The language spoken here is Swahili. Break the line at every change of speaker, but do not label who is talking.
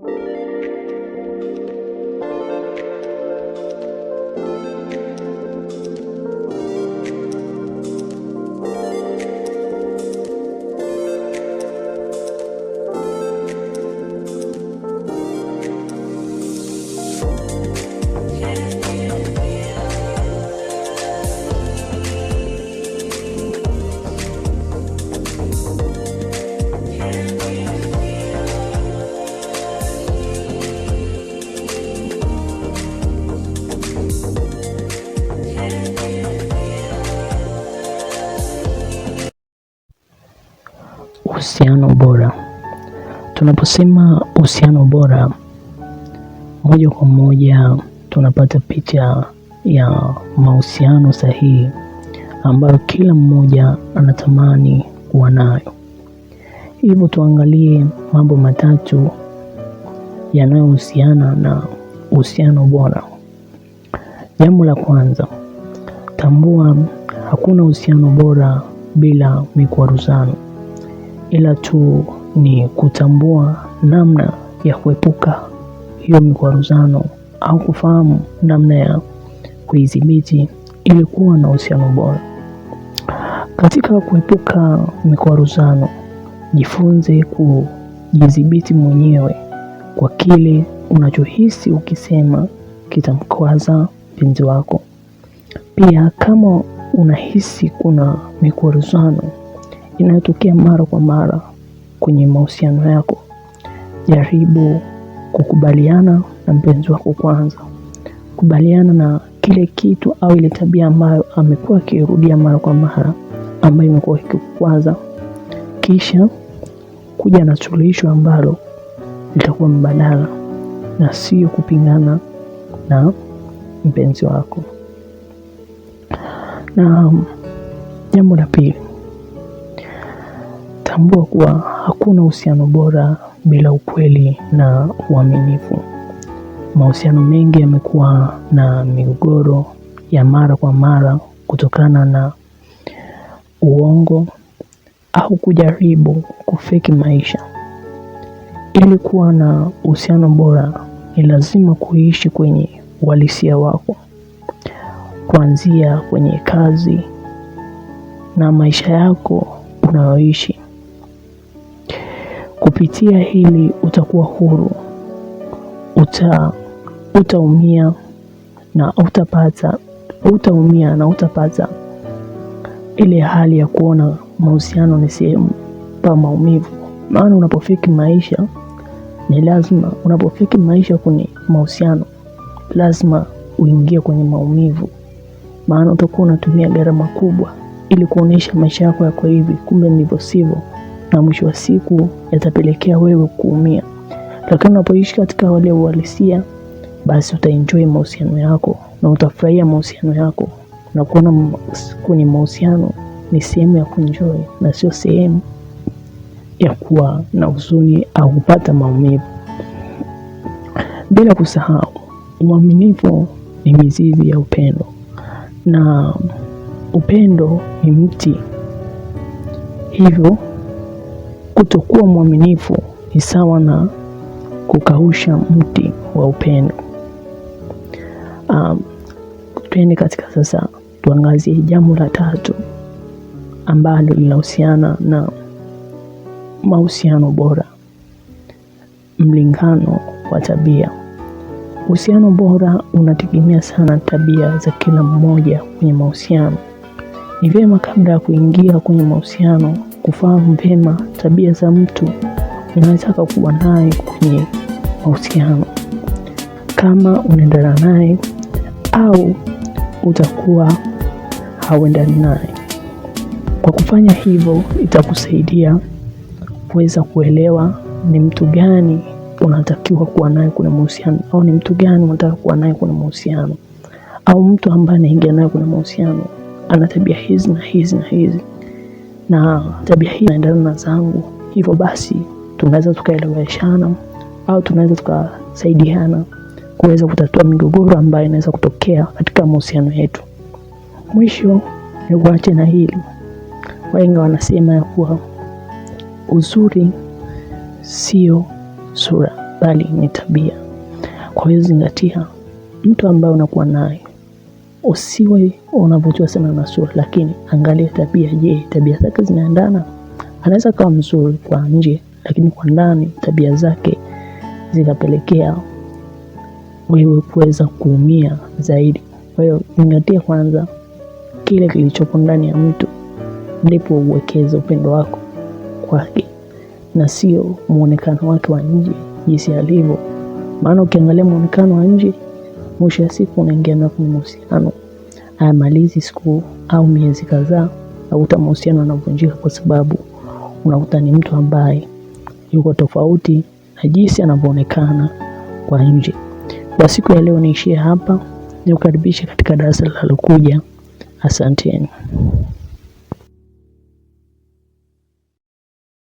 thank you uhusiano bora. Tunaposema uhusiano bora, moja kwa moja tunapata picha ya mahusiano sahihi ambayo kila mmoja anatamani kuwa nayo. Hivyo tuangalie mambo matatu yanayohusiana na uhusiano bora. Jambo la kwanza, tambua hakuna uhusiano bora bila mikwaruzano ila tu ni kutambua namna ya kuepuka hiyo mikwaruzano au kufahamu namna ya kuidhibiti ili kuwa na uhusiano bora. Katika kuepuka mikwaruzano, jifunze kujidhibiti mwenyewe kwa kile unachohisi ukisema kitamkwaza mpenzi wako. Pia kama unahisi kuna mikwaruzano inayotokea mara kwa mara kwenye mahusiano yako. Jaribu kukubaliana na mpenzi wako kwanza, kubaliana na kile kitu au ile tabia ambayo amekuwa akirudia mara kwa mara ambayo imekuwa ikikukwaza, kisha kuja na suluhisho ambalo litakuwa mbadala na sio kupingana na mpenzi wako. Na jambo la pili Tambua kuwa hakuna uhusiano bora bila ukweli na uaminifu. Mahusiano mengi yamekuwa na migogoro ya mara kwa mara kutokana na uongo au kujaribu kufeki maisha. Ili kuwa na uhusiano bora, ni lazima kuishi kwenye uhalisia wako, kuanzia kwenye kazi na maisha yako unayoishi. Kupitia hili utakuwa huru, uta utaumia na utapata utaumia na utapata ile hali ya kuona mahusiano ni sehemu pa maumivu. Maana unapofiki maisha ni lazima, unapofiki maisha kwenye mahusiano lazima uingie kwenye maumivu, maana utakuwa unatumia gharama kubwa ili kuonyesha maisha yako yako hivi, kumbe ndivyo sivyo na mwisho wa siku yatapelekea wewe kuumia. Lakini unapoishi katika wale uhalisia, basi utaenjoy mahusiano yako na utafurahia mahusiano yako, na kuona kwenye mahusiano ni sehemu ya kuenjoy na sio sehemu ya kuwa na huzuni au kupata maumivu. Bila kusahau, uaminifu ni mizizi ya upendo na upendo ni mti, hivyo Kutokuwa mwaminifu ni sawa na kukausha mti wa upendo. Um, tuende katika sasa, tuangazie jambo la tatu ambalo linahusiana na mahusiano bora, mlingano wa tabia. Uhusiano bora unategemea sana tabia za kila mmoja kwenye mahusiano. Ni vyema kabla ya kuingia kwenye mahusiano kufahamu vyema tabia za mtu unayetaka kuwa naye kwenye mahusiano, kama unaendana naye au utakuwa hauendani naye. Kwa kufanya hivyo, itakusaidia kuweza kuelewa ni mtu gani unatakiwa kuwa naye kwenye mahusiano, au ni mtu gani unataka kuwa naye kwenye mahusiano, au mtu ambaye anaingia naye kwenye mahusiano ana tabia hizi na hizi na hizi na tabia hii inaendana na zangu, hivyo basi tunaweza tukaeleweshana au tunaweza tukasaidiana kuweza kutatua migogoro ambayo inaweza kutokea katika mahusiano yetu. Mwisho ni kuache na hili, wahenga wanasema ya kuwa uzuri sio sura, bali ni tabia. Kwa hiyo zingatia mtu ambaye unakuwa naye usiwe unavutiwa sana na sura, lakini angalia tabia. Je, tabia zake zinaendana? Anaweza kawa mzuri kwa nje, lakini kwa ndani tabia zake zinapelekea wewe kuweza kuumia zaidi. Kwa hiyo zingatia kwanza kile kilichopo ndani ya mtu, ndipo uwekeze upendo wako kwake na sio muonekano wake wa nje jinsi alivyo, maana ukiangalia muonekano wa nje mwisho ya siku unaingia na kwenye mahusiano, hayamalizi siku au miezi kadhaa, nakuta mahusiano anavunjika kwa sababu unakuta ni mtu ambaye yuko tofauti na jinsi anavyoonekana kwa nje. Kwa siku ya leo niishie hapa, nikukaribisha katika darasa linalokuja. Asanteni.